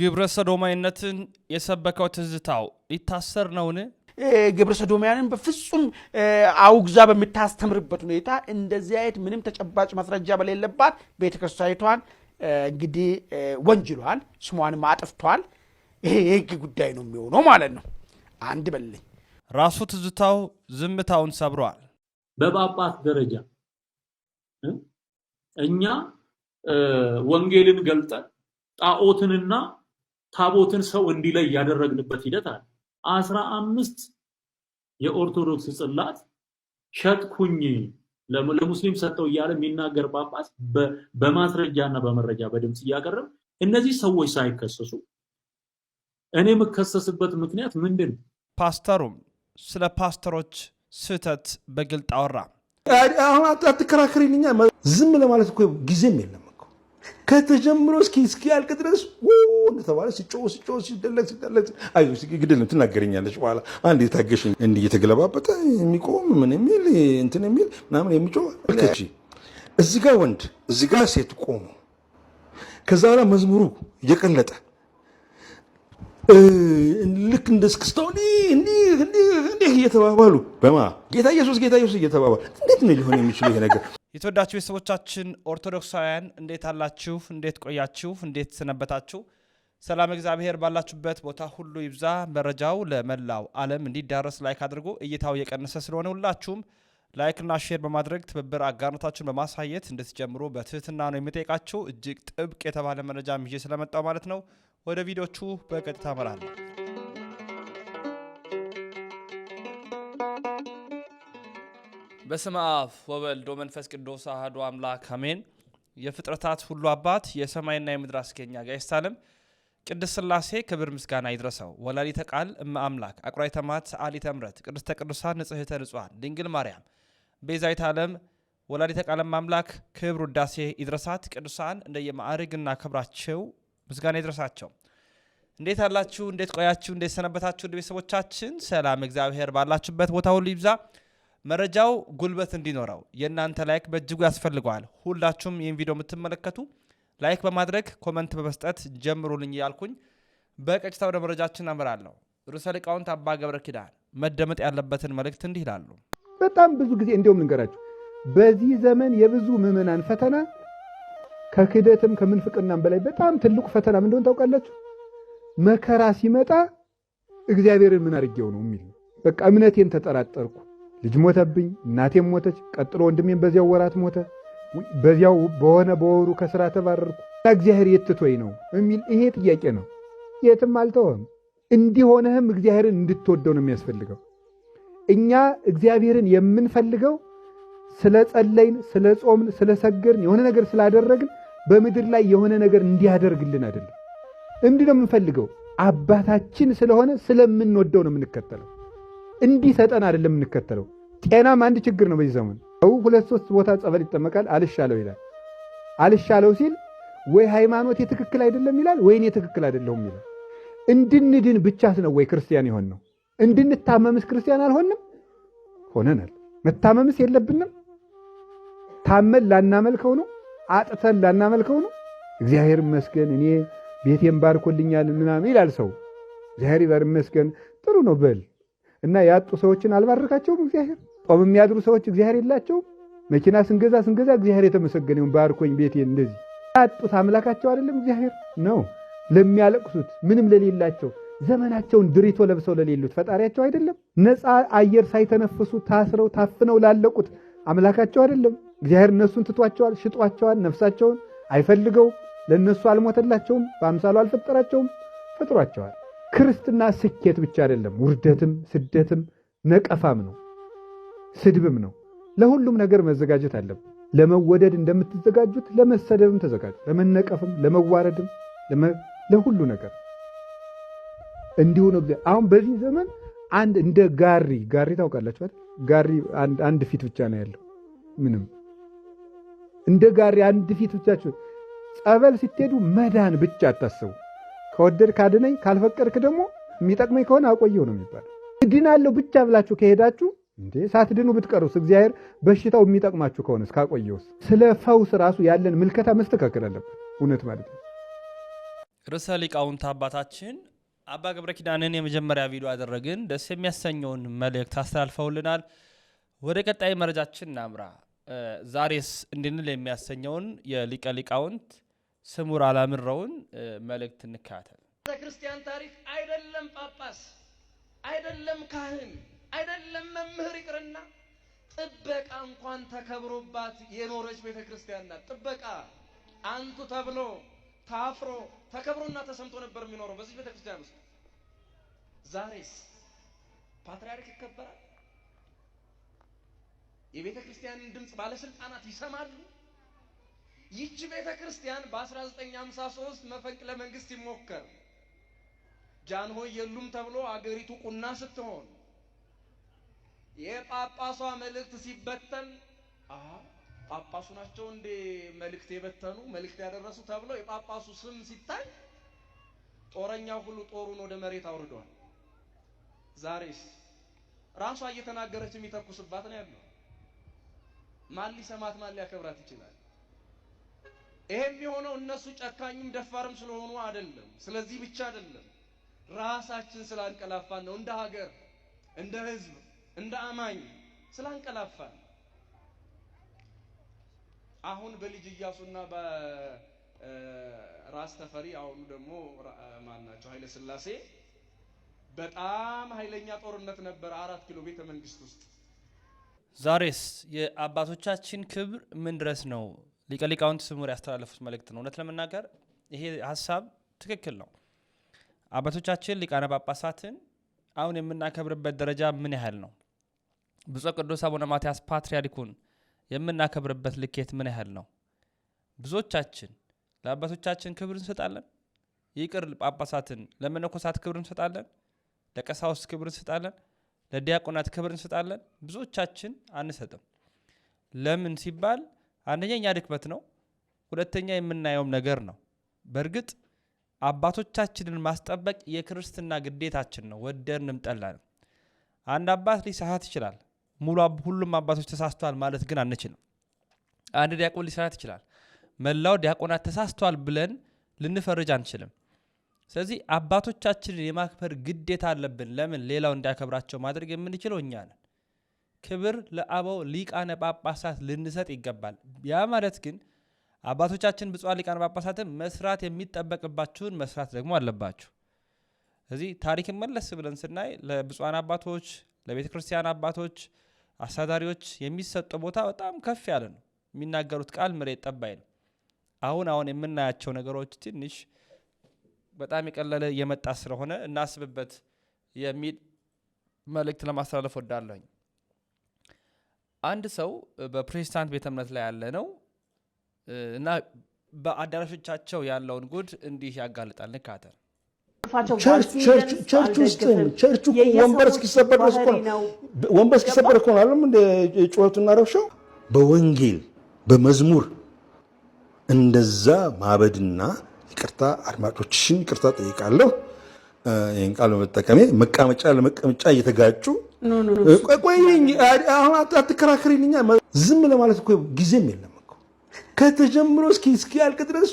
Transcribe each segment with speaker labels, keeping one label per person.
Speaker 1: ግብረ ሰዶማዊነትን የሰበከው ትዝታው ሊታሰር ነውን?
Speaker 2: ግብረ ሰዶማያንን በፍጹም አውግዛ በምታስተምርበት ሁኔታ እንደዚህ አይነት ምንም ተጨባጭ ማስረጃ በሌለባት ቤተክርስቲያኒቷን እንግዲህ ወንጅሏል፣ ስሟንም አጥፍቷል። ይሄ የህግ ጉዳይ ነው የሚሆነው ማለት ነው። አንድ በልኝ
Speaker 1: ራሱ ትዝታው ዝምታውን ሰብሯል።
Speaker 3: በጳጳስ ደረጃ እኛ ወንጌልን ገልጠን ጣዖትንና ታቦትን ሰው እንዲለይ ያደረግንበት ሂደት አለ። አስራ አምስት የኦርቶዶክስ ጽላት ሸጥኩኝ ለሙስሊም ሰጠው እያለ የሚናገር ጳጳስ በማስረጃና በመረጃ በድምፅ እያቀረብ እነዚህ ሰዎች ሳይከሰሱ እኔ የምከሰስበት ምክንያት ምንድን
Speaker 1: ፓስተሩም ስለ ፓስተሮች ስህተት በግልጥ አወራ።
Speaker 4: አሁን አትከራከሪልኛ። ዝም ለማለት እኮ ጊዜም የለም እኮ ከተጀምሮ እስኪ እስኪያልቅ ድረስ እንደተባለ ሲጮህ ሲጮህ ሲደለቅ ሲደለቅ አይዞሽ ግድል ትናገረኛለች። በኋላ አንድ የታገሽ እንዲህ እየተገለባበጠ የሚቆም ምን የሚል እንትን የሚል ምናምን የሚጮህ ልከች እዚ ጋ ወንድ እዚ ጋ ሴት ቆሙ። ከዛ በኋላ መዝሙሩ እየቀለጠ ልክ እንደ እስክስታው እንዲህ እየተባባሉ በማ ጌታ ኢየሱስ ጌታ ኢየሱስ እየተባባሉ እንዴት ነው ሊሆን የሚችሉ ይሄ ነገር?
Speaker 1: የተወዳችሁ ቤተሰቦቻችን ኦርቶዶክሳውያን እንዴት አላችሁ? እንዴት ቆያችሁ? እንዴት ሰነበታችሁ? ሰላም እግዚአብሔር ባላችሁበት ቦታ ሁሉ ይብዛ። መረጃው ለመላው ዓለም እንዲዳረስ ላይክ አድርጎ እይታው የቀነሰ ስለሆነ ሁላችሁም ላይክና ሼር በማድረግ ትብብር አጋርነታችሁን በማሳየት እንድትጀምሩ በትህትና ነው የሚጠይቃችሁ። እጅግ ጥብቅ የተባለ መረጃ ይዤ ስለመጣው ማለት ነው። ወደ ቪዲዮቹ በቀጥታ እመራለሁ። በስመ አብ ወወልድ ወመንፈስ ቅዱስ አሐዱ አምላክ አሜን። የፍጥረታት ሁሉ አባት የሰማይና የምድር አስገኛ ጋይስታለም ቅድስት ስላሴ ክብር ምስጋና ይድረሰው። ወላዲተ ቃል እመ አምላክ አቁራይ ተማት ሰዓሊተ ምሕረት ቅድስተ ቅዱሳን ንጽሕተ ንጹሐን ድንግል ማርያም ቤዛዊተ ዓለም ወላዲተ ቃል እመ አምላክ ክብር ውዳሴ ይድረሳት። ቅዱሳን እንደየማዕርግ ክብራቸው ምስጋና ይድረሳቸው። እንዴት አላችሁ? እንዴት ቆያችሁ? እንዴት ሰነበታችሁ? እንደ ቤተሰቦቻችን ሰላም እግዚአብሔር ባላችሁበት ቦታ ሁሉ ይብዛ። መረጃው ጉልበት እንዲኖረው የእናንተ ላይክ በእጅጉ ያስፈልገዋል። ሁላችሁም ይህን ቪዲዮ የምትመለከቱ ላይክ በማድረግ ኮመንት በመስጠት ጀምሩልኝ ያልኩኝ በቀጥታ ወደ መረጃችን አመራለሁ። ርዕሰ ሊቃውንት አባ ገብረ ኪዳን መደመጥ ያለበትን መልእክት እንዲህ ይላሉ።
Speaker 4: በጣም ብዙ ጊዜ እንዲሁም ልንገራችሁ፣ በዚህ ዘመን የብዙ ምዕመናን ፈተና ከክደትም ከምንፍቅናም በላይ በጣም ትልቁ ፈተና ምን እንደሆነ ታውቃላችሁ? መከራ ሲመጣ እግዚአብሔርን ምን አድርጌው ነው የሚል በቃ እምነቴን ተጠራጠርኩ፣ ልጅ ሞተብኝ፣ እናቴም ሞተች፣ ቀጥሎ ወንድሜን በዚያው ወራት ሞተ በዚያው በሆነ በወሩ ከስራ ተባረርኩ እግዚአብሔር የትቶኝ ነው የሚል ይሄ ጥያቄ ነው። የትም አልተወም። እንዲሆነህም እግዚአብሔርን እንድትወደው ነው የሚያስፈልገው። እኛ እግዚአብሔርን የምንፈልገው ስለ ጸለይን፣ ስለ ጾምን፣ ስለ ሰገርን፣ የሆነ ነገር ስላደረግን በምድር ላይ የሆነ ነገር እንዲያደርግልን አይደለም። እምድ ነው የምንፈልገው አባታችን ስለሆነ ስለምንወደው ነው የምንከተለው። እንዲሰጠን አይደለም የምንከተለው። ጤናም አንድ ችግር ነው በዚህ ዘመን ሰው ሁለት ሶስት ቦታ ጸበል ይጠመቃል አልሻለው ይላል። አልሻለው ሲል ወይ ሃይማኖት የትክክል አይደለም ይላል፣ ወይ እኔ ትክክል አይደለሁም ይላል። እንድንድን ብቻስ ነው ወይ ክርስቲያን የሆን ነው? እንድንታመምስ ክርስቲያን አልሆንም? ሆነናል። መታመምስ የለብንም? ታመን ላናመልከው ነው? አጥተን ላናመልከው ነው? እግዚአብሔር ይመስገን እኔ ቤቴን ባርኮልኛል ምናምን ይላል ሰው። እግዚአብሔር ይመስገን ጥሩ ነው በል እና ያጡ ሰዎችን አልባርካቸውም እግዚአብሔር ጾም የሚያድሩ ሰዎች እግዚአብሔር የላቸው። መኪና ስንገዛ ስንገዛ እግዚአብሔር የተመሰገነውን ባርኮኝ ቤቴ እንደዚህ ያጡት አምላካቸው አይደለም እግዚአብሔር ነው። ለሚያለቅሱት ምንም ለሌላቸው ዘመናቸውን ድሪቶ ለብሰው ለሌሉት ፈጣሪያቸው አይደለም። ነፃ አየር ሳይተነፍሱ ታስረው ታፍነው ላለቁት አምላካቸው አይደለም እግዚአብሔር። እነሱን ትቷቸዋል፣ ሽጧቸዋል፣ ነፍሳቸውን አይፈልገው ለእነሱ አልሞተላቸውም፣ በአምሳሉ አልፈጠራቸውም፣ ፈጥሯቸዋል። ክርስትና ስኬት ብቻ አይደለም፣ ውርደትም ስደትም ነቀፋም ነው። ስድብም ነው። ለሁሉም ነገር መዘጋጀት አለብ። ለመወደድ እንደምትዘጋጁት ለመሰደብም ተዘጋጁ፣ ለመነቀፍም፣ ለመዋረድም፣ ለሁሉ ነገር እንዲሁ ነው። አሁን በዚህ ዘመን አንድ እንደ ጋሪ ጋሪ ታውቃላችሁ አይደል? ጋሪ አንድ ፊት ብቻ ነው ያለው። ምንም እንደ ጋሪ አንድ ፊት ብቻችሁ። ጸበል ስትሄዱ መዳን ብቻ አታስቡ። ከወደድ ካድነኝ፣ ካልፈቀድክ ደግሞ የሚጠቅመኝ ከሆነ አቆየው ነው የሚባል። እድናለሁ ብቻ ብላችሁ ከሄዳችሁ እንዴ ሳትድኑ ብትቀሩስ? እግዚአብሔር በሽታው የሚጠቅማችሁ ከሆነ ካቆየውስ? ስለ ፈውስ ራሱ ያለን ምልከታ መስተካከል አለብን። እውነት ማለት ነው።
Speaker 1: ርዕሰ ሊቃውንት አባታችን አባ ገብረ ኪዳንን የመጀመሪያ ቪዲዮ አደረግን ደስ የሚያሰኘውን መልእክት አስተላልፈውልናል። ወደ ቀጣይ መረጃችን ናምራ። ዛሬስ እንድንል የሚያሰኘውን የሊቀ ሊቃውንት ስሙር አላምረውን መልእክት እንካተል።
Speaker 5: ክርስቲያን ታሪክ አይደለም ጳጳስ አይደለም ካህን አይደለም መምህር ይቅርና ጥበቃ እንኳን ተከብሮባት የኖረች ቤተ ክርስቲያን ናት። ጥበቃ አንቱ ተብሎ ታፍሮ ተከብሮና ተሰምቶ ነበር የሚኖረው በዚህ ቤተ ክርስቲያን ውስጥ። ዛሬስ ፓትርያርክ ይከበራል። የቤተ ክርስቲያንን ድምፅ ባለስልጣናት ይሰማሉ። ይቺ ቤተ ክርስቲያን በ1953 መፈንቅለ መንግስት ሲሞከር ጃንሆይ የሉም ተብሎ አገሪቱ ቁና ስትሆን የጳጳሷ መልእክት ሲበተን ጳጳሱ ናቸው እንዴ መልእክት የበተኑ መልእክት ያደረሱ ተብሎ የጳጳሱ ስም ሲታይ ጦረኛው ሁሉ ጦሩን ወደ መሬት አውርዷል። ዛሬስ ራሷ እየተናገረች የሚተኩስባት ነው ያለው። ማን ሊሰማት ማን ሊያከብራት ይችላል? ይሄ የሚሆነው እነሱ ጨካኝም ደፋርም ስለሆኑ አይደለም። ስለዚህ ብቻ አይደለም፣ ራሳችን ስላንቀላፋን ነው እንደ ሀገር እንደ ህዝብ እንደ አማኝ ስላንቀላፋ አሁን በልጅ እያሱና በራስ ተፈሪ አሁኑ ደግሞ ማናቸው ኃይለ ስላሴ በጣም ኃይለኛ ጦርነት ነበር አራት ኪሎ ቤተ መንግስት ውስጥ።
Speaker 1: ዛሬስ የአባቶቻችን ክብር ምን ድረስ ነው? ሊቀ ሊቃውንት ስሙር ያስተላለፉት መልእክት ነው። እውነት ለመናገር ይሄ ሀሳብ ትክክል ነው። አባቶቻችን ሊቃነ ጳጳሳትን አሁን የምናከብርበት ደረጃ ምን ያህል ነው? ብፁዕ ቅዱስ አቡነ ማትያስ ፓትርያርኩን የምናከብርበት ልኬት ምን ያህል ነው? ብዙዎቻችን ለአባቶቻችን ክብር እንሰጣለን። ይቅር ጳጳሳትን፣ ለመነኮሳት ክብር እንሰጣለን፣ ለቀሳውስት ክብር እንሰጣለን፣ ለዲያቆናት ክብር እንሰጣለን። ብዙዎቻችን አንሰጥም። ለምን ሲባል አንደኛ እኛ ድክመት ነው፣ ሁለተኛ የምናየውም ነገር ነው። በእርግጥ አባቶቻችንን ማስጠበቅ የክርስትና ግዴታችን ነው፣ ወደንም ጠላንም። አንድ አባት ሊሳሳት ይችላል። ሙሉ ሁሉም አባቶች ተሳስተዋል ማለት ግን አንችልም። አንድ ዲያቆን ሊሰራት ይችላል። መላው ዲያቆናት ተሳስተዋል ብለን ልንፈርጅ አንችልም። ስለዚህ አባቶቻችንን የማክበር ግዴታ አለብን። ለምን ሌላው እንዲያከብራቸው ማድረግ የምንችለው እኛ ነን። ክብር ለአበው ሊቃነ ጳጳሳት ልንሰጥ ይገባል። ያ ማለት ግን አባቶቻችን ብፁዓን ሊቃነ ጳጳሳትን መስራት የሚጠበቅባችሁን መስራት ደግሞ አለባችሁ። እዚህ ታሪክን መለስ ብለን ስናይ ለብፁዓን አባቶች፣ ለቤተ ክርስቲያን አባቶች አሳዳሪዎች የሚሰጠው ቦታ በጣም ከፍ ያለ ነው። የሚናገሩት ቃል መሬት ጠባይ ነው። አሁን አሁን የምናያቸው ነገሮች ትንሽ በጣም የቀለለ እየመጣ ስለሆነ እናስብበት የሚል መልእክት ለማስተላለፍ ወዳለሁኝ። አንድ ሰው በፕሮቴስታንት ቤተ እምነት ላይ ያለ ነው እና በአዳራሾቻቸው ያለውን ጉድ እንዲህ ያጋልጣል። ንካተል
Speaker 4: የሚያቅፋቸው ቸርች ወንበር እስኪሰበር ወንበር እስኪሰበር እኮ ነው እንደ ጩኸቱና ረብሻው በወንጌል በመዝሙር እንደዛ ማበድና ይቅርታ አድማጮችሽን ይቅርታ ጠይቃለሁ ይህን ቃል በመጠቀሜ መቀመጫ ለመቀመጫ እየተጋጩ ቆይ አሁን አትከራከሪልኛ ዝም ለማለት እኮ ጊዜም የለም ከተጀምሮ እስኪ እስኪያልቅ ድረስ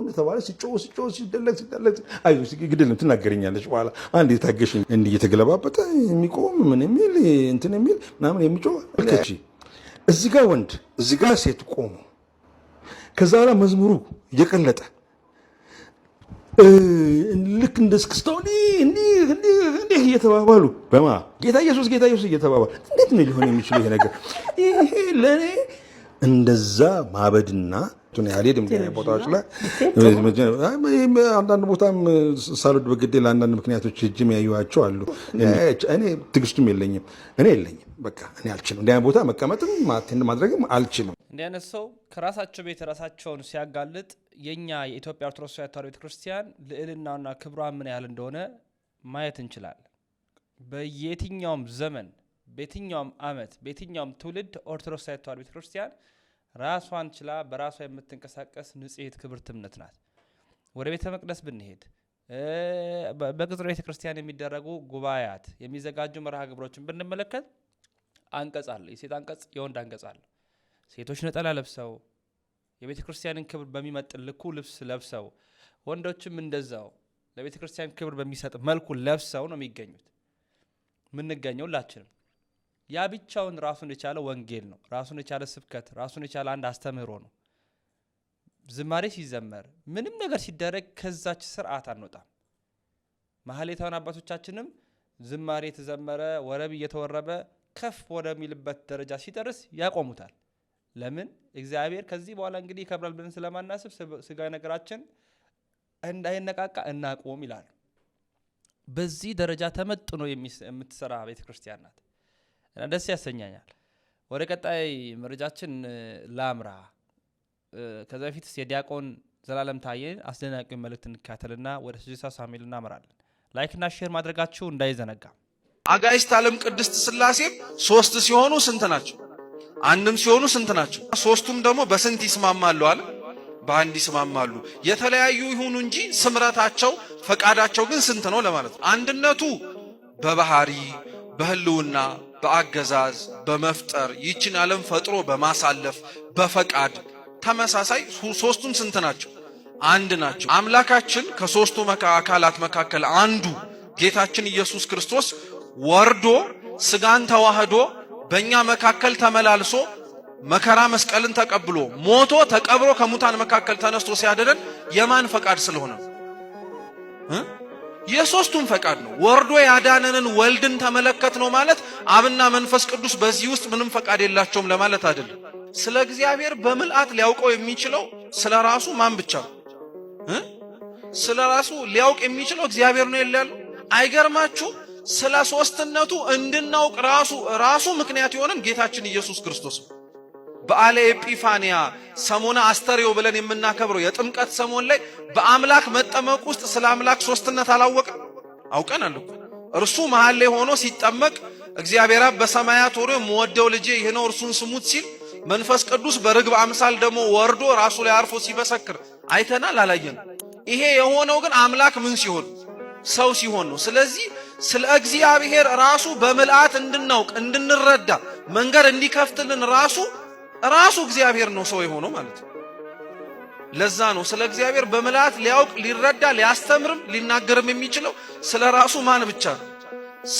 Speaker 4: እንደተባለ ሲጮህ ሲጮህ ሲደለቅ ሲደለቅ፣ አይዞሽ ግድ ትናገረኛለች። በኋላ አንድ የታገሽ እንዲህ እየተገለባበጠ የሚቆም ምን የሚል እንትን የሚል ምናምን የሚጮህ እዚ ጋ ወንድ እዚ ጋ ሴት ቆሙ። ከዛ በኋላ መዝሙሩ እየቀለጠ ልክ እንደ እስክስታው እንዲህ እየተባባሉ በማ ጌታ ኢየሱስ ጌታ ኢየሱስ እየተባባሉ እንዴት ነው ሊሆን የሚችለው ይሄ ነገር? ይሄ ለእኔ እንደዛ ማበድና ያልሄድም ቦታዎች ላይ አንዳንድ ቦታም ሳልወድ በግዴ ለአንዳንድ ምክንያቶች እጅም ያዩዋቸው አሉ። እኔ ትግስቱም የለኝም፣ እኔ የለኝም። በቃ እኔ አልችልም። እንዲ ቦታ መቀመጥም ማድረግም አልችልም።
Speaker 1: እንዲህ አይነት ሰው ከራሳቸው ቤት ራሳቸውን ሲያጋልጥ የእኛ የኢትዮጵያ ኦርቶዶክስ ተዋሕዶ ቤተክርስቲያን ልዕልናና ክብሯ ምን ያህል እንደሆነ ማየት እንችላለን። በየትኛውም ዘመን በየትኛውም አመት በየትኛውም ትውልድ ኦርቶዶክስ ተዋሕዶ ቤተ ክርስቲያን ራሷን ችላ በራሷ የምትንቀሳቀስ ንጽሕት ክብርት እምነት ናት። ወደ ቤተ መቅደስ ብንሄድ በቅጽረ ቤተ ክርስቲያን የሚደረጉ ጉባኤያት፣ የሚዘጋጁ መርሃ ግብሮችን ብንመለከት አንቀጽ አለ። የሴት አንቀጽ፣ የወንድ አንቀጽ አለ። ሴቶች ነጠላ ለብሰው የቤተ ክርስቲያንን ክብር በሚመጥን ልኩ ልብስ ለብሰው፣ ወንዶችም እንደዛው ለቤተ ክርስቲያን ክብር በሚሰጥ መልኩ ለብሰው ነው የሚገኙት። የምንገኘው ሁላችንም ያ ብቻውን ራሱን የቻለ ወንጌል ነው። ራሱን የቻለ ስብከት፣ ራሱን የቻለ አንድ አስተምህሮ ነው። ዝማሬ ሲዘመር ምንም ነገር ሲደረግ ከዛች ስርዓት አንወጣም። ማህሌታውን አባቶቻችንም ዝማሬ የተዘመረ ወረብ እየተወረበ ከፍ ወደሚልበት ደረጃ ሲደርስ ያቆሙታል። ለምን? እግዚአብሔር ከዚህ በኋላ እንግዲህ ይከብራል ብለን ስለማናስብ ስጋ ነገራችን እንዳይነቃቃ እናቆም ይላል። በዚህ ደረጃ ተመጥኖ የምትሰራ ቤተ ክርስቲያን ናት። እና ደስ ያሰኛኛል። ወደ ቀጣይ መረጃችን ላምራ። ከዚ በፊት የዲያቆን ዘላለም ታዬ አስደናቂ መልእክት እንካተልና ወደ ስድሳ ሳሙኤል እናመራለን። ላይክና ሼር ማድረጋችሁ እንዳይዘነጋ።
Speaker 6: አጋዕዝተ ዓለም ቅድስት ስላሴም ሶስት ሲሆኑ ስንት ናቸው? አንድም ሲሆኑ ስንት ናቸው? ሶስቱም ደግሞ በስንት ይስማማሉ አለ? በአንድ ይስማማሉ። የተለያዩ ይሁኑ እንጂ ስምረታቸው፣ ፈቃዳቸው ግን ስንት ነው ለማለት ነው። አንድነቱ በባህሪ በህልውና በአገዛዝ በመፍጠር ይችን ዓለም ፈጥሮ በማሳለፍ በፈቃድ ተመሳሳይ ሶስቱም ስንት ናቸው? አንድ ናቸው። አምላካችን ከሶስቱ አካላት መካከል አንዱ ጌታችን ኢየሱስ ክርስቶስ ወርዶ ስጋን ተዋህዶ በእኛ መካከል ተመላልሶ መከራ መስቀልን ተቀብሎ ሞቶ ተቀብሮ ከሙታን መካከል ተነስቶ ሲያደረን የማን ፈቃድ ስለሆነ የሶስቱም ፈቃድ ነው። ወርዶ ያዳነንን ወልድን ተመለከት ነው ማለት አብና መንፈስ ቅዱስ በዚህ ውስጥ ምንም ፈቃድ የላቸውም ለማለት አይደለም። ስለ እግዚአብሔር በምልአት ሊያውቀው የሚችለው ስለ ራሱ ማን ብቻ ነው? ስለ ራሱ ሊያውቅ የሚችለው እግዚአብሔር ነው ይላል። አይገርማችሁ? ስለ ሶስትነቱ እንድናውቅ ራሱ ራሱ ምክንያት የሆነን ጌታችን ኢየሱስ ክርስቶስ ነው። በዓለ ኤጲፋንያ ሰሞነ አስተርእዮ ብለን የምናከብረው የጥምቀት ሰሞን ላይ በአምላክ መጠመቅ ውስጥ ስለ አምላክ ሶስትነት አላወቀ አውቀናል እኮ እርሱ መሃል ላይ ሆኖ ሲጠመቅ እግዚአብሔር አብ በሰማያት ወሮ የምወደው ልጄ ይህ ነው እርሱን ስሙት ሲል መንፈስ ቅዱስ በርግብ አምሳል ደግሞ ወርዶ ራሱ ላይ አርፎ ሲመሰክር አይተናል አላየን? ይሄ የሆነው ግን አምላክ ምን ሲሆን ሰው ሲሆን ነው። ስለዚህ ስለ እግዚአብሔር ራሱ በምልአት እንድናውቅ እንድንረዳ መንገድ እንዲከፍትልን ራሱ ራሱ እግዚአብሔር ነው ሰው የሆነው ማለት ነው። ለዛ ነው ስለ እግዚአብሔር በምልአት ሊያውቅ ሊረዳ ሊያስተምርም ሊናገርም የሚችለው ስለ ራሱ ማን ብቻ ነው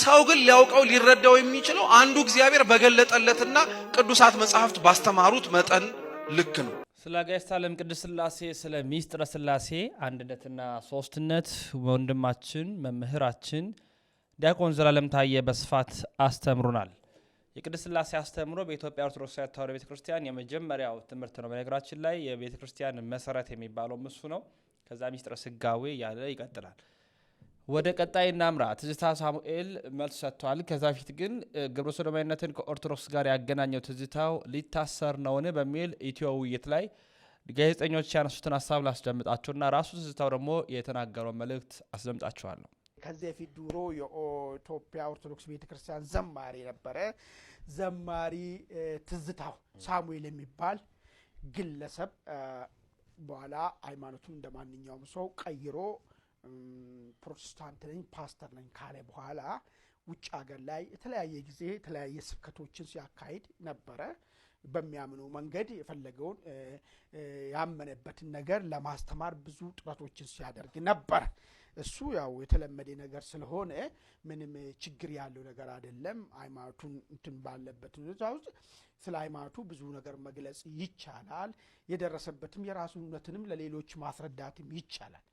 Speaker 6: ሰው ግን ሊያውቀው ሊረዳው የሚችለው አንዱ እግዚአብሔር በገለጠለትና ቅዱሳት መጽሐፍት ባስተማሩት መጠን ልክ ነው።
Speaker 1: ስለ አጋዕዝተ ዓለም ቅድስት ሥላሴ ስለ ሚስጥረ ሥላሴ አንድነትና ሶስትነት ወንድማችን መምህራችን ዲያቆን ዘላለም ታየ በስፋት አስተምሩናል። የቅድስት ሥላሴ አስተምሮ በኢትዮጵያ ኦርቶዶክስ ተዋሕዶ ቤተ ክርስቲያን የመጀመሪያው ትምህርት ነው። በነገራችን ላይ የቤተ ክርስቲያን መሰረት የሚባለው እሱ ነው። ከዛ ሚስጥረ ስጋዌ ያለ ይቀጥላል። ወደ ቀጣይ እናምራ። ትዝታ ሳሙኤል መልስ ሰጥቷል። ከዛ ፊት ግን ግብረ ሰዶማዊነትን ከኦርቶዶክስ ጋር ያገናኘው ትዝታው ሊታሰር ነውን በሚል ኢትዮ ውይይት ላይ ጋዜጠኞች ያነሱትን ሀሳብ እና ራሱ ትዝታው ደግሞ የተናገረው መልእክት አስደምጣችኋለሁ።
Speaker 7: ከዚህ በፊት ድሮ የኢትዮጵያ ኦርቶዶክስ ቤተክርስቲያን ዘማሪ ነበረ። ዘማሪ ትዝታው ሳሙኤል የሚባል ግለሰብ በኋላ ሃይማኖቱን እንደ ማንኛውም ሰው ቀይሮ ፕሮቴስታንት ነኝ ፓስተር ነኝ ካለ በኋላ ውጭ ሀገር ላይ የተለያየ ጊዜ የተለያየ ስብከቶችን ሲያካሂድ ነበረ። በሚያምኑ መንገድ የፈለገውን ያመነበትን ነገር ለማስተማር ብዙ ጥረቶችን ሲያደርግ ነበር። እሱ ያው የተለመደ ነገር ስለሆነ ምንም ችግር ያለው ነገር አይደለም። ሃይማኖቱን እንትን ባለበት ሁኔታ ውስጥ ስለ ሃይማኖቱ ብዙ ነገር መግለጽ ይቻላል። የደረሰበትም የራሱ እውነትንም ለሌሎች ማስረዳትም ይቻላል።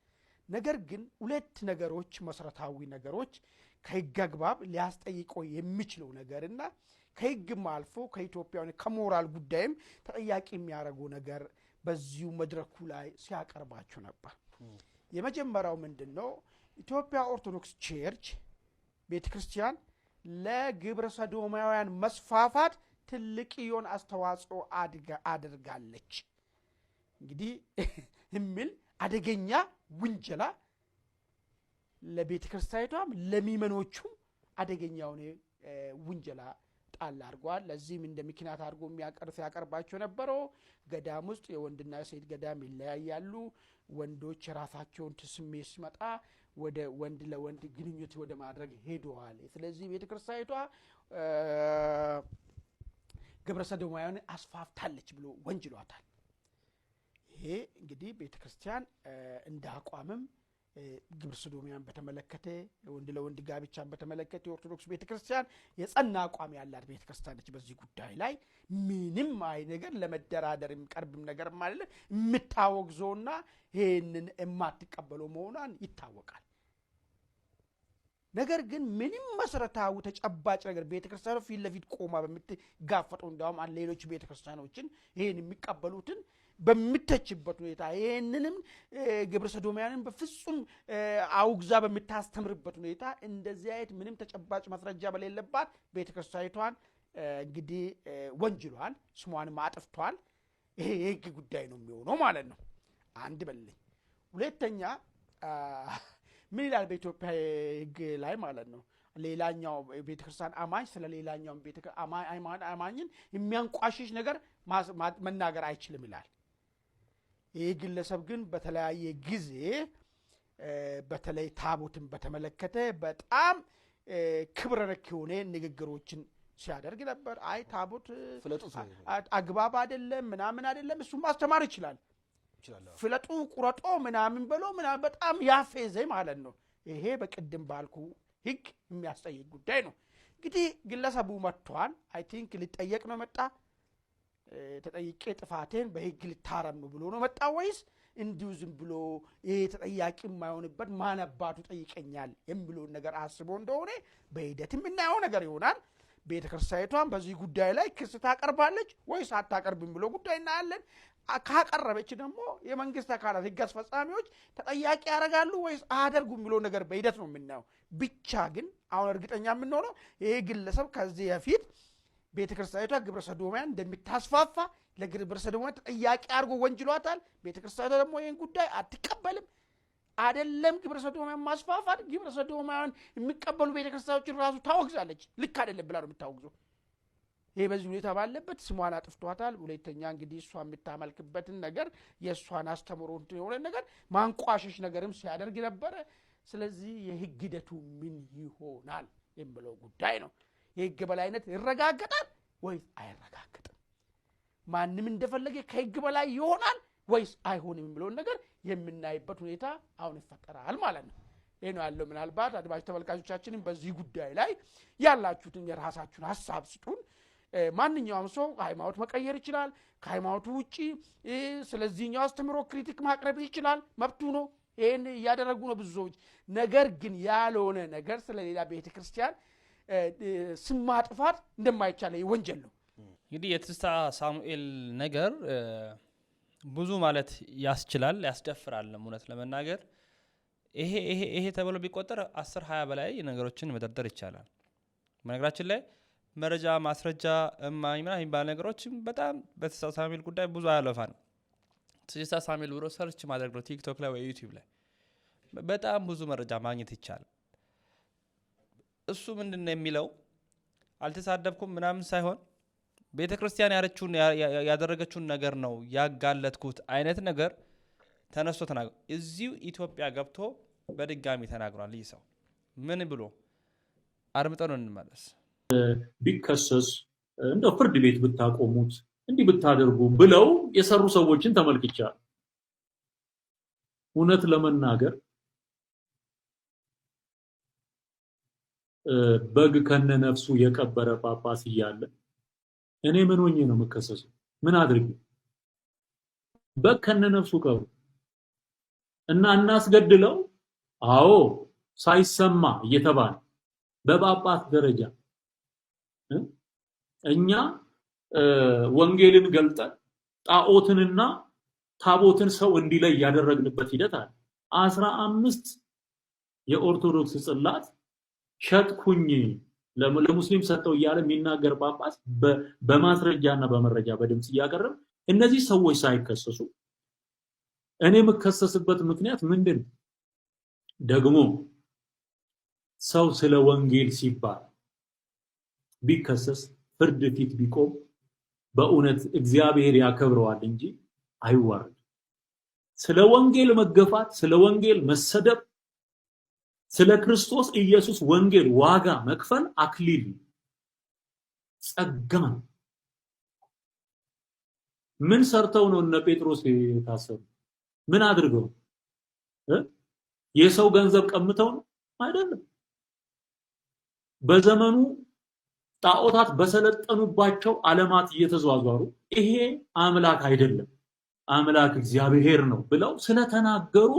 Speaker 7: ነገር ግን ሁለት ነገሮች መሰረታዊ ነገሮች ከህግ አግባብ ሊያስጠይቀው የሚችለው ነገርና ከህግም አልፎ ከኢትዮጵያ ከሞራል ጉዳይም ተጠያቂ የሚያደርገው ነገር በዚሁ መድረኩ ላይ ሲያቀርባቸው ነበር። የመጀመሪያው ምንድን ነው? ኢትዮጵያ ኦርቶዶክስ ቸርች ቤተ ክርስቲያን ለግብረ ሰዶማውያን መስፋፋት ትልቅ የሆነ አስተዋጽኦ አድርጋለች እንግዲህ የሚል አደገኛ ውንጀላ ለቤተ ክርስቲያኒቷም ለሚመኖቹም አደገኛ የሆነ ውንጀላ ጣል አድርጓል። ለዚህም እንደ ምክንያት አድርጎ ያቀርባቸው ነበረው ገዳም ውስጥ የወንድና ሴት ገዳም ይለያያሉ። ወንዶች የራሳቸውን ትስሜ ሲመጣ ወደ ወንድ ለወንድ ግንኙት ወደ ማድረግ ሄደዋል። ስለዚህ ቤተ ክርስቲያኒቷ ግብረ ሰዶማውያን አስፋፍታለች ብሎ ወንጅሏታል። ይሄ እንግዲህ ቤተ ክርስቲያን እንደ አቋምም ግብር ስዶሚያን በተመለከተ ወንድ ለወንድ ጋብቻን በተመለከተ የኦርቶዶክስ ቤተ ክርስቲያን የጸና አቋም ያላት ቤተ ክርስቲያን ነች። በዚህ ጉዳይ ላይ ምንም አይ ነገር ለመደራደር የሚቀርብም ነገር አለ። የምታወግዘውና ይህንን የማትቀበለው መሆኗን ይታወቃል። ነገር ግን ምንም መሰረታዊ ተጨባጭ ነገር ቤተ ክርስቲያኑ ፊት ለፊት ቆማ በምትጋፈጠው እንዲያውም ሌሎች ቤተ ክርስቲያኖችን ይህን የሚቀበሉትን በምተችበት ሁኔታ ይህንንም ግብረ ሰዶማያንን በፍጹም አውግዛ በምታስተምርበት ሁኔታ እንደዚህ አይነት ምንም ተጨባጭ ማስረጃ በሌለባት ቤተክርስቲያኒቷን እንግዲህ ወንጅሏል፣ ስሟንም አጥፍቷል። ይሄ የህግ ጉዳይ ነው የሚሆነው ማለት ነው። አንድ በልኝ። ሁለተኛ ምን ይላል በኢትዮጵያ ህግ ላይ ማለት ነው ሌላኛው ቤተክርስቲያን አማኝ ስለ ሌላኛው አማኝን የሚያንቋሽሽ ነገር መናገር አይችልም ይላል። ይህ ግለሰብ ግን በተለያየ ጊዜ በተለይ ታቦትን በተመለከተ በጣም ክብረ የሆነ ንግግሮችን ሲያደርግ ነበር። አይ ታቦት አግባብ አይደለም ምናምን አይደለም። እሱ ማስተማር ይችላል። ፍለጡ ቁረጦ ምናምን በሎ ምናምን በጣም ያፌዘ ማለት ነው። ይሄ በቅድም ባልኩ ህግ የሚያስጠይቅ ጉዳይ ነው። እንግዲህ ግለሰቡ መጥቷል። አይ ቲንክ ሊጠየቅ ነው መጣ ተጠይቄ ጥፋቴን በህግ ልታረም ብሎ ነው መጣ ወይስ እንዲሁ ዝም ብሎ ይህ ተጠያቂ የማይሆንበት ማን አባቱ ጠይቀኛል የሚለውን ነገር አስቦ እንደሆነ በሂደት የምናየው ነገር ይሆናል። ቤተ ክርስቲያኒቷን በዚህ ጉዳይ ላይ ክስ ታቀርባለች ወይስ አታቀርብም ብሎ ጉዳይ እናያለን። ካቀረበች ደግሞ የመንግስት አካላት ህግ አስፈጻሚዎች ተጠያቂ ያደርጋሉ ወይስ አያደርጉም ብሎ ነገር በሂደት ነው የምናየው። ብቻ ግን አሁን እርግጠኛ የምንሆነው ይሄ ግለሰብ ከዚህ በፊት ቤተ ክርስቲያኒቷ ግብረ ሰዶማያን እንደሚታስፋፋ ለግብረ ሰዶማውያን ተጠያቂ አድርጎ ወንጅሏታል። ቤተ ክርስቲያኒቷ ደግሞ ይህን ጉዳይ አትቀበልም። አደለም ግብረ ሰዶማያን ማስፋፋት፣ ግብረ ሰዶማያን የሚቀበሉ ቤተ ክርስቲያኖችን ራሱ ታወግዛለች። ልክ አደለም ብላ ነው የምታወግዘው። ይህ በዚህ ሁኔታ ባለበት ስሟን አጥፍቷታል። ሁለተኛ እንግዲህ እሷ የምታመልክበትን ነገር የእሷን አስተምሮ የሆነ ነገር ማንቋሸሽ ነገርም ሲያደርግ ነበረ። ስለዚህ የህግ ሂደቱ ምን ይሆናል የምለው ጉዳይ ነው። የህግ በላይነት ይረጋገጣል። ወይስ አይረጋገጥም ማንም እንደፈለገ ከህግ በላይ ይሆናል ወይስ አይሆንም የሚለውን ነገር የምናይበት ሁኔታ አሁን ይፈጠራል ማለት ነው ይህ ነው ያለው ምናልባት አድማጭ ተመልካቾቻችንም በዚህ ጉዳይ ላይ ያላችሁትን የራሳችሁን ሀሳብ ስጡን ማንኛውም ሰው ሃይማኖት መቀየር ይችላል ከሃይማኖቱ ውጭ ስለዚህኛው አስተምሮ ክሪቲክ ማቅረብ ይችላል መብቱ ነው ይህን እያደረጉ ነው ብዙ ሰዎች ነገር ግን ያልሆነ ነገር ስለሌላ ቤተ ክርስቲያን ስም ማጥፋት እንደማይቻለ ወንጀል ነው።
Speaker 1: እንግዲህ የትስታ ሳሙኤል ነገር ብዙ ማለት ያስችላል ያስደፍራል እውነት ለመናገር ይሄ ይሄ ይሄ ተብሎ ቢቆጠር አስር ሀያ በላይ ነገሮችን መደርደር ይቻላል። በነገራችን ላይ መረጃ፣ ማስረጃ፣ እማኝ የሚባል ነገሮች በጣም በትዝታ ሳሙኤል ጉዳይ ብዙ አያለፋን። ትዝታ ሳሙኤል ብሎ ሰርች ማድረግ ነው ቲክቶክ ላይ ወይ ዩቲብ ላይ በጣም ብዙ መረጃ ማግኘት ይቻላል። እሱ ምንድን ነው የሚለው አልተሳደብኩም ምናምን ሳይሆን ቤተ ክርስቲያን ያረችውን ያደረገችውን ነገር ነው ያጋለጥኩት አይነት ነገር ተነስቶ ተናግሯል። እዚሁ ኢትዮጵያ ገብቶ በድጋሚ ተናግሯል። ይህ ሰው ምን ብሎ አድምጠን እንመለስ።
Speaker 4: ቢከሰስ እንደ ፍርድ ቤት ብታቆሙት እንዲህ ብታደርጉ ብለው የሰሩ ሰዎችን ተመልክቻል። እውነት ለመናገር በግ ነፍሱ የቀበረ ጳጳስ እያለ እኔ ምን ሆኜ ነው የምከሰሰው? ምን አድርጌ? በግ ነፍሱ ቀብሩ እና እናስገድለው። አዎ ሳይሰማ እየተባለ በጳጳስ ደረጃ እኛ ወንጌልን ገልጠን ጣዖትንና ታቦትን ሰው እንዲለይ ያደረግንበት ሂደት አለ። አስራ አምስት የኦርቶዶክስ ጽላት ሸጥኩኝ ለሙስሊም ሰጠው እያለ የሚናገር ጳጳስ በማስረጃ እና በመረጃ በድምፅ እያቀረብ እነዚህ ሰዎች ሳይከሰሱ እኔ የምከሰስበት ምክንያት ምንድን ደግሞ ሰው ስለ ወንጌል ሲባል ቢከሰስ ፍርድ ፊት ቢቆም በእውነት እግዚአብሔር ያከብረዋል እንጂ አይዋርድ። ስለ ወንጌል መገፋት፣ ስለ ወንጌል መሰደብ፣ ስለ ክርስቶስ ኢየሱስ ወንጌል ዋጋ መክፈል አክሊል ጸጋ ነው። ምን ሰርተው ነው እነ ጴጥሮስ የታሰሩ? ምን አድርገው? የሰው ገንዘብ ቀምተው ነው አይደለም። በዘመኑ ጣዖታት በሰለጠኑባቸው ዓለማት እየተዟዟሩ ይሄ አምላክ አይደለም አምላክ እግዚአብሔር ነው ብለው ስለተናገሩ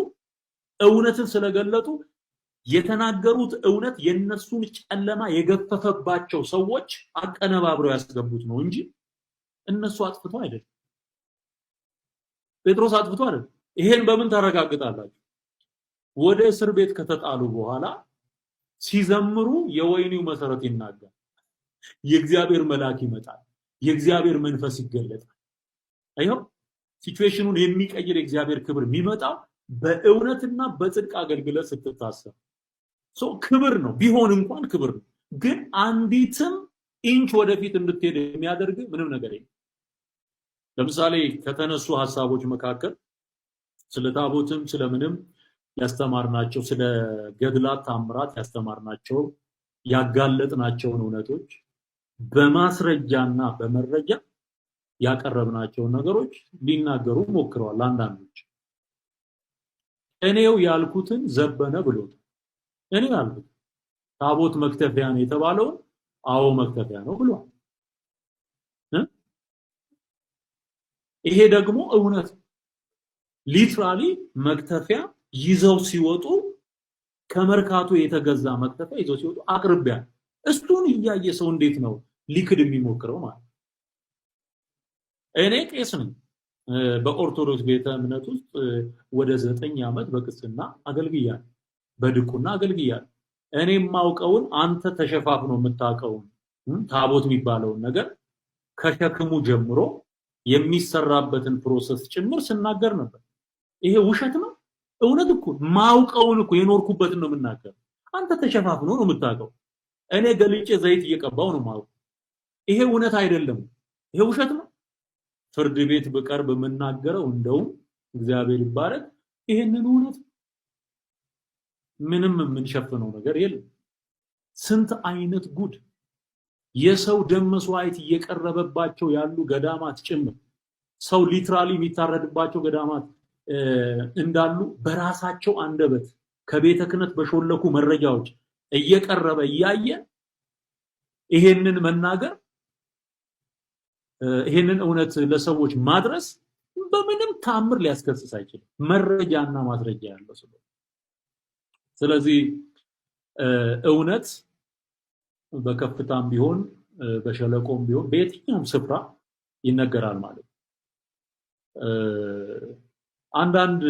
Speaker 4: እውነትን ስለገለጡ የተናገሩት እውነት የነሱን ጨለማ የገፈፈባቸው ሰዎች አቀነባብረው ያስገቡት ነው እንጂ እነሱ አጥፍቶ አይደለም። ጴጥሮስ አጥፍቶ አይደለም። ይሄን በምን ታረጋግጣላችሁ? ወደ እስር ቤት ከተጣሉ በኋላ ሲዘምሩ የወይኒው መሰረት ይናጋል። የእግዚአብሔር መልአክ ይመጣል። የእግዚአብሔር መንፈስ ይገለጣል። አይሆን ሲቹዌሽኑን የሚቀይር የእግዚአብሔር ክብር የሚመጣው በእውነትና በጽድቅ አገልግሎት ስትታሰብ ክብር ነው ቢሆን እንኳን ክብር ነው። ግን አንዲትም ኢንች ወደፊት እንድትሄድ የሚያደርግ ምንም ነገር የለም። ለምሳሌ ከተነሱ ሀሳቦች መካከል ስለ ታቦትም ስለምንም ያስተማርናቸው ስለ ገድላት ታምራት ያስተማርናቸው ያጋለጥናቸውን እውነቶች በማስረጃና በመረጃ ያቀረብናቸውን ነገሮች ሊናገሩ ሞክረዋል። አንዳንዶች እኔው ያልኩትን ዘበነ ብሎታል። እኔ አልኩት ታቦት መክተፊያ ነው የተባለውን አዎ መክተፊያ ነው ብሏል። ይሄ ደግሞ እውነት ሊትራሊ መክተፊያ ይዘው ሲወጡ ከመርካቶ የተገዛ መክተፊያ ይዘው ሲወጡ አቅርቢያ እሱን እያየ ሰው እንዴት ነው ሊክድ የሚሞክረው ማለት እኔ ቄስ ነኝ። በኦርቶዶክስ ቤተ እምነት ውስጥ ወደ ዘጠኝ ዓመት በቅስና አገልግያለሁ። በድቁና አገልግያለሁ። እኔ የማውቀውን አንተ ተሸፋፍኖ የምታውቀውን ታቦት የሚባለውን ነገር ከሸክሙ ጀምሮ የሚሰራበትን ፕሮሰስ ጭምር ስናገር ነበር። ይሄ ውሸት ነው? እውነት እኮ ማውቀውን እኮ የኖርኩበትን ነው የምናገር። አንተ ተሸፋፍኖ ነው የምታውቀው። እኔ ገልጬ ዘይት እየቀባው ነው ማውቀው። ይሄ እውነት አይደለም። ይሄ ውሸት ነው። ፍርድ ቤት ብቀርብ የምናገረው እንደውም እግዚአብሔር ይባረክ ይሄንን እውነት ምንም የምንሸፍነው ነገር የለም። ስንት አይነት ጉድ የሰው ደም መስዋዕት እየቀረበባቸው ያሉ ገዳማት ጭምር ሰው ሊትራሊ የሚታረድባቸው ገዳማት እንዳሉ በራሳቸው አንደበት ከቤተ ክህነት በሾለኩ መረጃዎች እየቀረበ እያየ ይሄንን መናገር ይሄንን እውነት ለሰዎች ማድረስ በምንም ታምር ሊያስከስስ አይችልም። መረጃና ማስረጃ ያለው ስለሆነ ስለዚህ እውነት በከፍታም ቢሆን በሸለቆም ቢሆን በየትኛውም ስፍራ ይነገራል ማለት ነው። አንዳንድ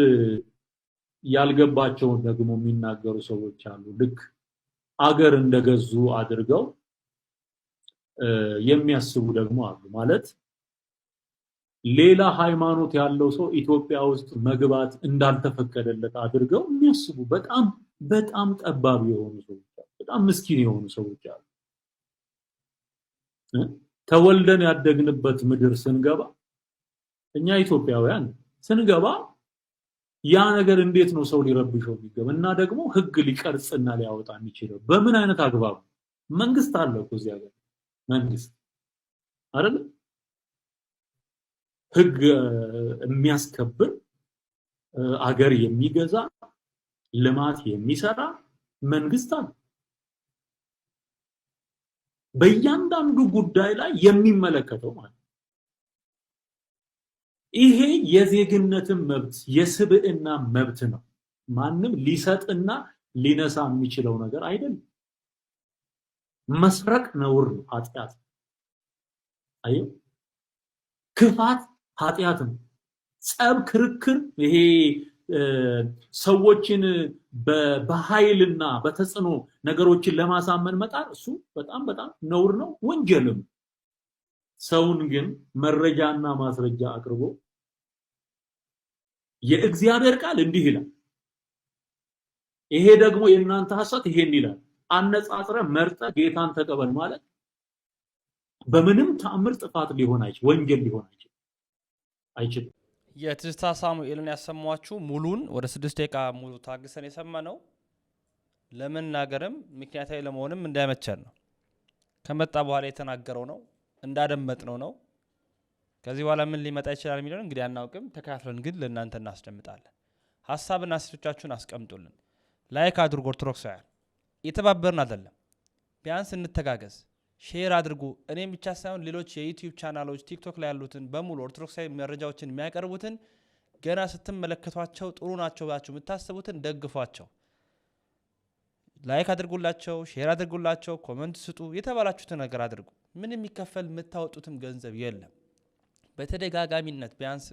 Speaker 4: ያልገባቸውን ደግሞ የሚናገሩ ሰዎች አሉ። ልክ አገር እንደገዙ አድርገው የሚያስቡ ደግሞ አሉ። ማለት ሌላ ሃይማኖት ያለው ሰው ኢትዮጵያ ውስጥ መግባት እንዳልተፈቀደለት አድርገው የሚያስቡ በጣም በጣም ጠባብ የሆኑ ሰዎች አሉ። በጣም ምስኪን የሆኑ ሰዎች አሉ። ተወልደን ያደግንበት ምድር ስንገባ እኛ ኢትዮጵያውያን ስንገባ ያ ነገር እንዴት ነው ሰው ሊረብሸው የሚገባ እና ደግሞ ህግ ሊቀርጽና ሊያወጣ የሚችለው በምን አይነት አግባብ? መንግስት አለ እኮ እዚህ ሀገር መንግስት አይደል? ህግ የሚያስከብር አገር የሚገዛ ልማት የሚሰራ መንግስት አለ። በእያንዳንዱ ጉዳይ ላይ የሚመለከተው ማለት ነው። ይሄ የዜግነትን መብት የስብዕና መብት ነው። ማንም ሊሰጥና ሊነሳ የሚችለው ነገር አይደለም። መስረቅ ነውር ነው፣ ኃጢአት አየው። ክፋት ኃጢአት ነው። ጸብ፣ ክርክር ይሄ ሰዎችን በኃይልና በተጽዕኖ ነገሮችን ለማሳመን መጣር እሱ በጣም በጣም ነውር ነው፣ ወንጀልም። ሰውን ግን መረጃና ማስረጃ አቅርቦ የእግዚአብሔር ቃል እንዲህ ይላል፣ ይሄ ደግሞ የእናንተ ሐሳብ ይሄን ይላል፣ አነጻጽረ መርጠ ጌታን ተቀበል ማለት በምንም ተአምር ጥፋት ሊሆን አይችል፣ ወንጀል ሊሆን አይችል አይችልም።
Speaker 1: የትዝታ ሳሙኤልን ያሰማችሁ ሙሉን ወደ ስድስት ደቂቃ ሙሉ ታግሰን የሰማ ነው። ለመናገርም ምክንያታዊ ለመሆንም እንዳይመቸን ነው። ከመጣ በኋላ የተናገረው ነው እንዳደመጥነው ነው። ከዚህ በኋላ ምን ሊመጣ ይችላል የሚለውን እንግዲህ አናውቅም። ተካፍለን ግን ለእናንተ እናስደምጣለን። ሀሳብና ሴቶቻችሁን አስቀምጡልን። ላይክ አድርጎ ኦርቶዶክሳውያን የተባበርን አይደለም፣ ቢያንስ እንተጋገዝ። ሼር አድርጉ። እኔም ብቻ ሳይሆን ሌሎች የዩቲዩብ ቻናሎች ቲክቶክ ላይ ያሉትን በሙሉ ኦርቶዶክሳዊ መረጃዎችን የሚያቀርቡትን ገና ስትመለከቷቸው ጥሩ ናቸው ብላችሁ የምታስቡትን ደግፏቸው። ላይክ አድርጉላቸው፣ ሼር አድርጉላቸው፣ ኮመንት ስጡ፣ የተባላችሁትን ነገር አድርጉ። ምን የሚከፈል የምታወጡትም ገንዘብ የለም። በተደጋጋሚነት ቢያንስ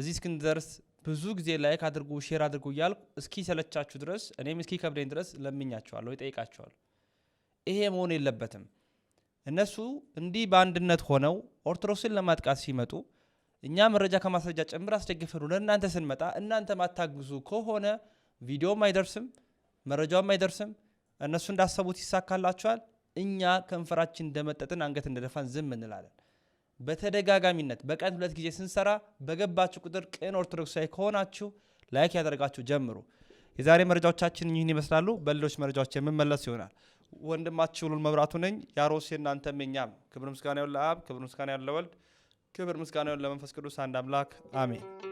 Speaker 1: እዚህ እስክንደርስ ብዙ ጊዜ ላይክ አድርጉ፣ ሼር አድርጉ እያልኩ እስኪ ሰለቻችሁ ድረስ እኔም እስኪ ከብደኝ ድረስ ለምኛቸዋለሁ፣ ይጠይቃቸዋለሁ። ይሄ መሆን የለበትም። እነሱ እንዲህ በአንድነት ሆነው ኦርቶዶክስን ለማጥቃት ሲመጡ እኛ መረጃ ከማስረጃ ጭምር አስደግፈን ለእናንተ ስንመጣ እናንተ ማታግዙ ከሆነ ቪዲዮም አይደርስም፣ መረጃውም አይደርስም። እነሱ እንዳሰቡት ይሳካላቸዋል። እኛ ከንፈራችን እንደመጠጥን አንገት እንደደፋን ዝም እንላለን። በተደጋጋሚነት በቀን ሁለት ጊዜ ስንሰራ በገባችሁ ቁጥር ቅን ኦርቶዶክሳዊ ከሆናችሁ ላይክ ያደርጋችሁ ጀምሩ። የዛሬ መረጃዎቻችን ይህን ይመስላሉ። በሌሎች መረጃዎች የምመለስ ይሆናል። ወንድማችሁ ሉል መብራቱ ነኝ። ያሮስ የእናንተም የኛም። ክብር ምስጋና ይሁን ለአብ፣ ክብር ምስጋና ይሁን ለወልድ፣ ክብር ምስጋና ይሁን ለመንፈስ ቅዱስ አንድ አምላክ አሜን።